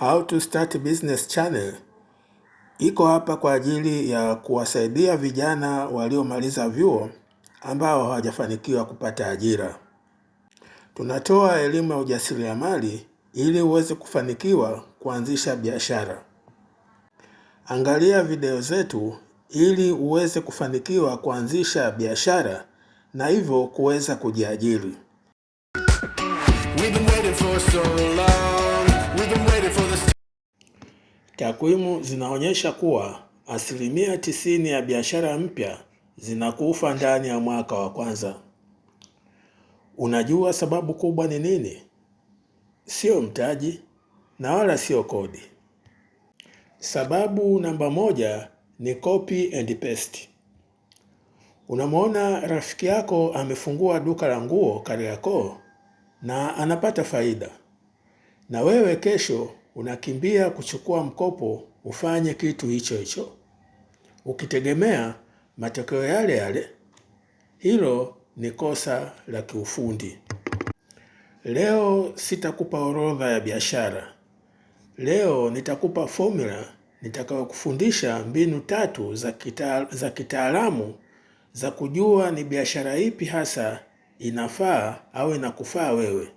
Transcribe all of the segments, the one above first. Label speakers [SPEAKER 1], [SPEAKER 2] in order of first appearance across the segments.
[SPEAKER 1] How to Start Business Channel iko hapa kwa ajili ya kuwasaidia vijana waliomaliza vyuo ambao hawajafanikiwa kupata ajira. Tunatoa elimu ya ujasiriamali ili uweze kufanikiwa kuanzisha biashara. Angalia video zetu ili uweze kufanikiwa kuanzisha biashara na hivyo kuweza kujiajiri. Takwimu zinaonyesha kuwa asilimia tisini ya biashara mpya zinakufa ndani ya mwaka wa kwanza. Unajua sababu kubwa ni nini? Sio mtaji na wala sio kodi. Sababu namba moja ni copy and paste. Unamwona rafiki yako amefungua duka la nguo Kariakoo na anapata faida, na wewe kesho unakimbia kuchukua mkopo ufanye kitu hicho hicho ukitegemea matokeo yale yale. Hilo ni kosa la kiufundi. Leo sitakupa orodha ya biashara. Leo nitakupa formula nitakayokufundisha mbinu tatu za kita, za kitaalamu za kujua ni biashara ipi hasa inafaa au inakufaa wewe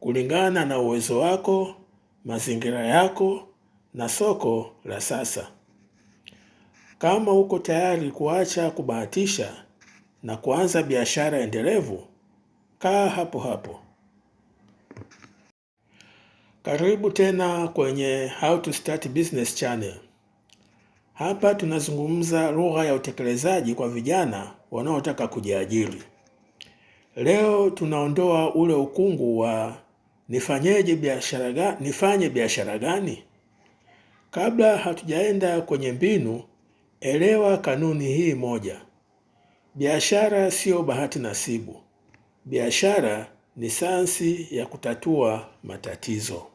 [SPEAKER 1] kulingana na uwezo wako mazingira yako na soko la sasa. Kama uko tayari kuacha kubahatisha na kuanza biashara endelevu, kaa hapo hapo. Karibu tena kwenye How to Start Business channel. Hapa tunazungumza lugha ya utekelezaji kwa vijana wanaotaka kujiajiri. Leo tunaondoa ule ukungu wa nifanyeje biashara gani? Nifanye biashara gani? Kabla hatujaenda kwenye mbinu, elewa kanuni hii moja: biashara siyo bahati nasibu. Biashara ni sayansi ya kutatua matatizo.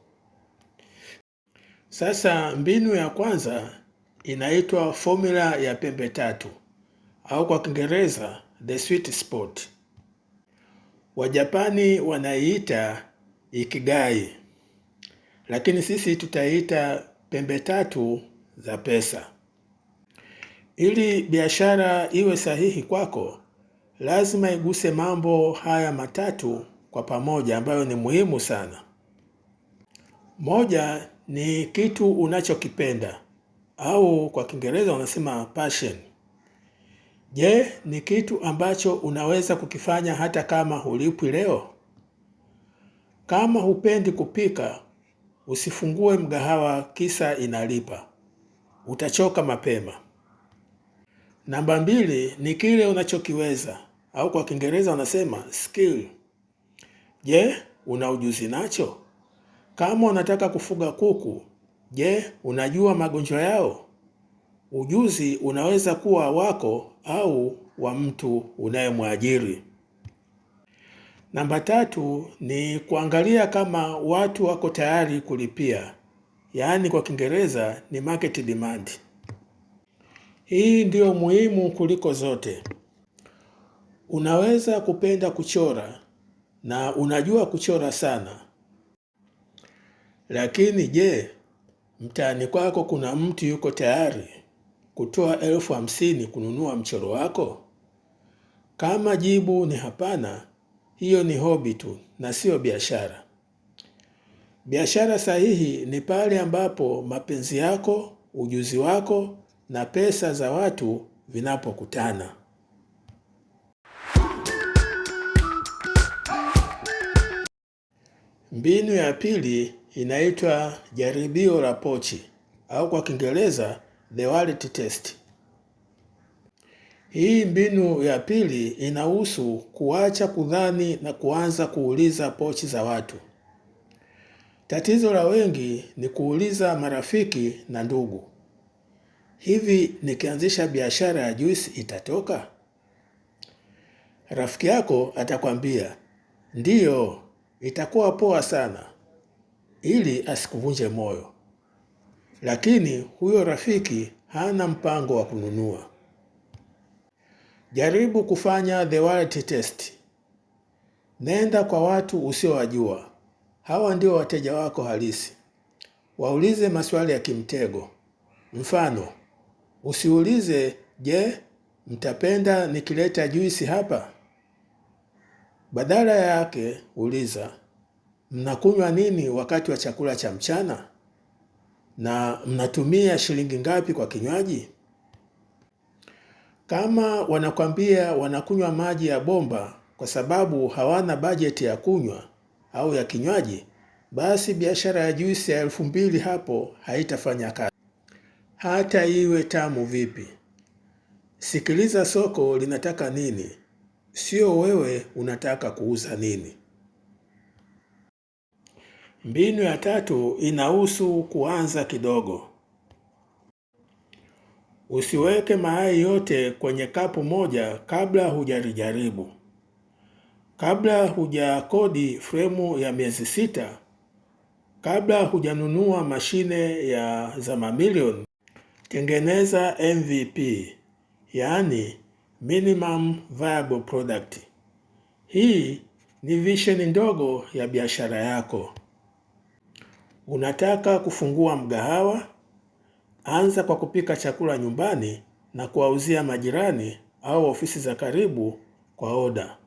[SPEAKER 1] Sasa mbinu ya kwanza inaitwa formula ya pembe tatu au kwa Kiingereza the sweet spot. Wajapani wanaiita ikigai, lakini sisi tutaita pembe tatu za pesa. Ili biashara iwe sahihi kwako, lazima iguse mambo haya matatu kwa pamoja, ambayo ni muhimu sana. Moja ni kitu unachokipenda au kwa Kiingereza wanasema passion. Je, ni kitu ambacho unaweza kukifanya hata kama hulipwi leo? Kama hupendi kupika, usifungue mgahawa kisa inalipa. Utachoka mapema. Namba mbili ni kile unachokiweza au kwa Kiingereza wanasema skill. Je, una ujuzi nacho? Kama unataka kufuga kuku, je, unajua magonjwa yao? Ujuzi unaweza kuwa wako au wa mtu unayemwajiri. Namba tatu ni kuangalia kama watu wako tayari kulipia, yaani kwa Kiingereza ni market demand. Hii ndiyo muhimu kuliko zote. Unaweza kupenda kuchora na unajua kuchora sana, lakini je, mtaani kwako kuna mtu yuko tayari kutoa elfu hamsini kununua mchoro wako? Kama jibu ni hapana, hiyo ni hobi tu na sio biashara. Biashara sahihi ni pale ambapo mapenzi yako, ujuzi wako na pesa za watu vinapokutana. Mbinu ya pili inaitwa jaribio la pochi au kwa Kiingereza the wallet test. Hii mbinu ya pili inahusu kuacha kudhani na kuanza kuuliza pochi za watu. Tatizo la wengi ni kuuliza marafiki na ndugu, hivi nikianzisha biashara ya juisi itatoka? Rafiki yako atakwambia ndiyo, itakuwa poa sana, ili asikuvunje moyo. Lakini huyo rafiki hana mpango wa kununua. Jaribu kufanya the reality test. Nenda kwa watu usiowajua, hawa ndio wateja wako halisi. Waulize maswali ya kimtego. Mfano, usiulize je, mtapenda nikileta juisi hapa? Badala yake uliza, mnakunywa nini wakati wa chakula cha mchana? Na mnatumia shilingi ngapi kwa kinywaji? Kama wanakwambia wanakunywa maji ya bomba kwa sababu hawana bajeti ya kunywa au ya kinywaji, basi biashara ya juisi ya elfu mbili hapo haitafanya kazi, hata iwe tamu vipi. Sikiliza soko linataka nini, sio wewe unataka kuuza nini. Mbinu ya tatu inahusu kuanza kidogo. Usiweke mayai yote kwenye kapu moja kabla hujalijaribu. Kabla hujakodi fremu ya miezi sita, kabla hujanunua mashine ya za mamilioni, tengeneza MVP, yaani minimum viable product. Hii ni visheni ndogo ya biashara yako. Unataka kufungua mgahawa Anza kwa kupika chakula nyumbani na kuwauzia majirani au ofisi za karibu kwa oda.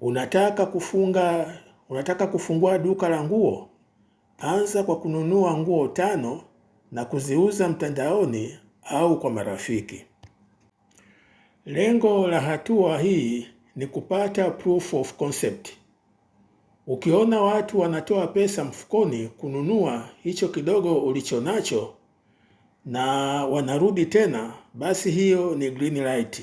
[SPEAKER 1] Unataka kufunga, unataka kufungua duka la nguo? Anza kwa kununua nguo tano na kuziuza mtandaoni au kwa marafiki. Lengo la hatua hii ni kupata proof of concept. Ukiona watu wanatoa pesa mfukoni kununua hicho kidogo ulicho nacho, na wanarudi tena, basi hiyo ni green light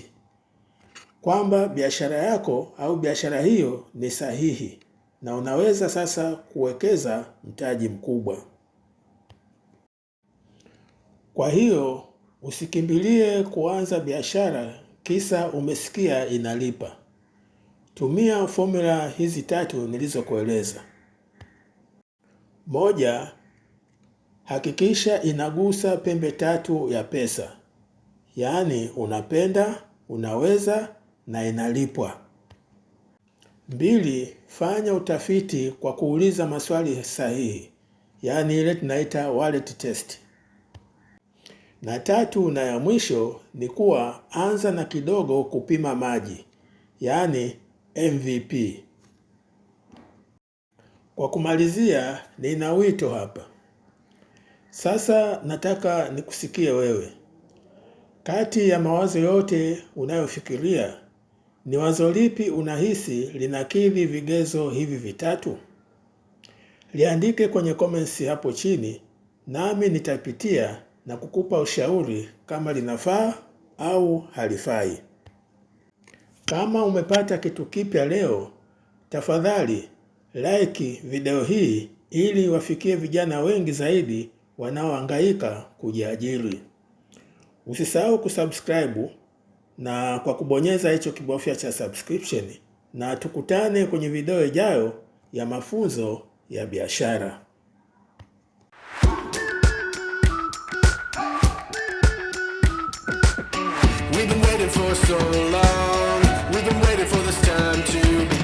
[SPEAKER 1] kwamba biashara yako au biashara hiyo ni sahihi na unaweza sasa kuwekeza mtaji mkubwa. Kwa hiyo usikimbilie kuanza biashara kisa umesikia inalipa. Tumia fomula hizi tatu nilizokueleza. Moja, Hakikisha inagusa pembe tatu ya pesa, yaani unapenda, unaweza na inalipwa. Mbili, fanya utafiti kwa kuuliza maswali sahihi, yaani ile tunaita wallet test. Na tatu na ya mwisho ni kuwa anza na kidogo kupima maji, yaani MVP. Kwa kumalizia, nina wito hapa. Sasa nataka nikusikie wewe, kati ya mawazo yote unayofikiria ni wazo lipi unahisi linakidhi vigezo hivi vitatu? Liandike kwenye comments hapo chini, nami nitapitia na kukupa ushauri kama linafaa au halifai. Kama umepata kitu kipya leo, tafadhali like video hii ili wafikie vijana wengi zaidi wanaohangaika kujiajiri. Usisahau kusubscribe na kwa kubonyeza hicho kibofya cha subscription, na tukutane kwenye video ijayo ya mafunzo ya biashara. We've been waiting for so long. We've been waiting for this time to